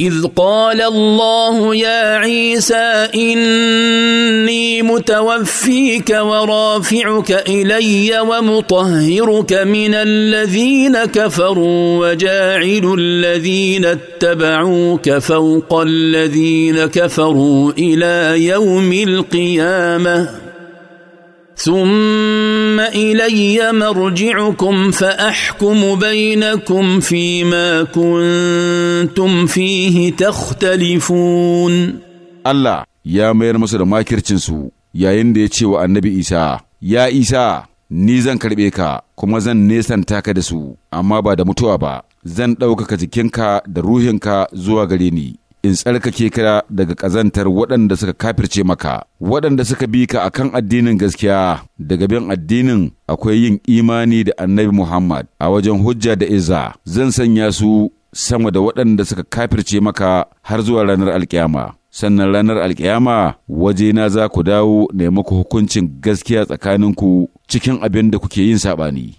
إذ قال الله يا عيسى إني متوفيك ورافعك إلي ومطهرك من الذين كفروا وجاعل الذين اتبعوك فوق الذين كفروا إلى يوم القيامة ثم ثم الي مرجعكم فاحكم بينكم فيما كنتم فيه تختلفون الله يا mayar musu da makircinsu yayin da ya ce wa annabi isa ya isa ni zan karɓe ka kuma zan nesanta ka da su amma ba da mutuwa ba zan ɗaukaka jikinka da ruhinka zuwa gare ni in tsarkake ka daga ƙazantar waɗanda suka kafirce maka, waɗanda suka bi ka kan addinin gaskiya daga bin addinin akwai yin imani da annabi Muhammad a wajen hujja da izza zan sanya su sama da waɗanda suka kafirce maka har zuwa ranar alkiyama. Sannan ranar alkiyama wajena za ku dawo ne hukuncin gaskiya tsakaninku cikin abin da kuke yin saɓani.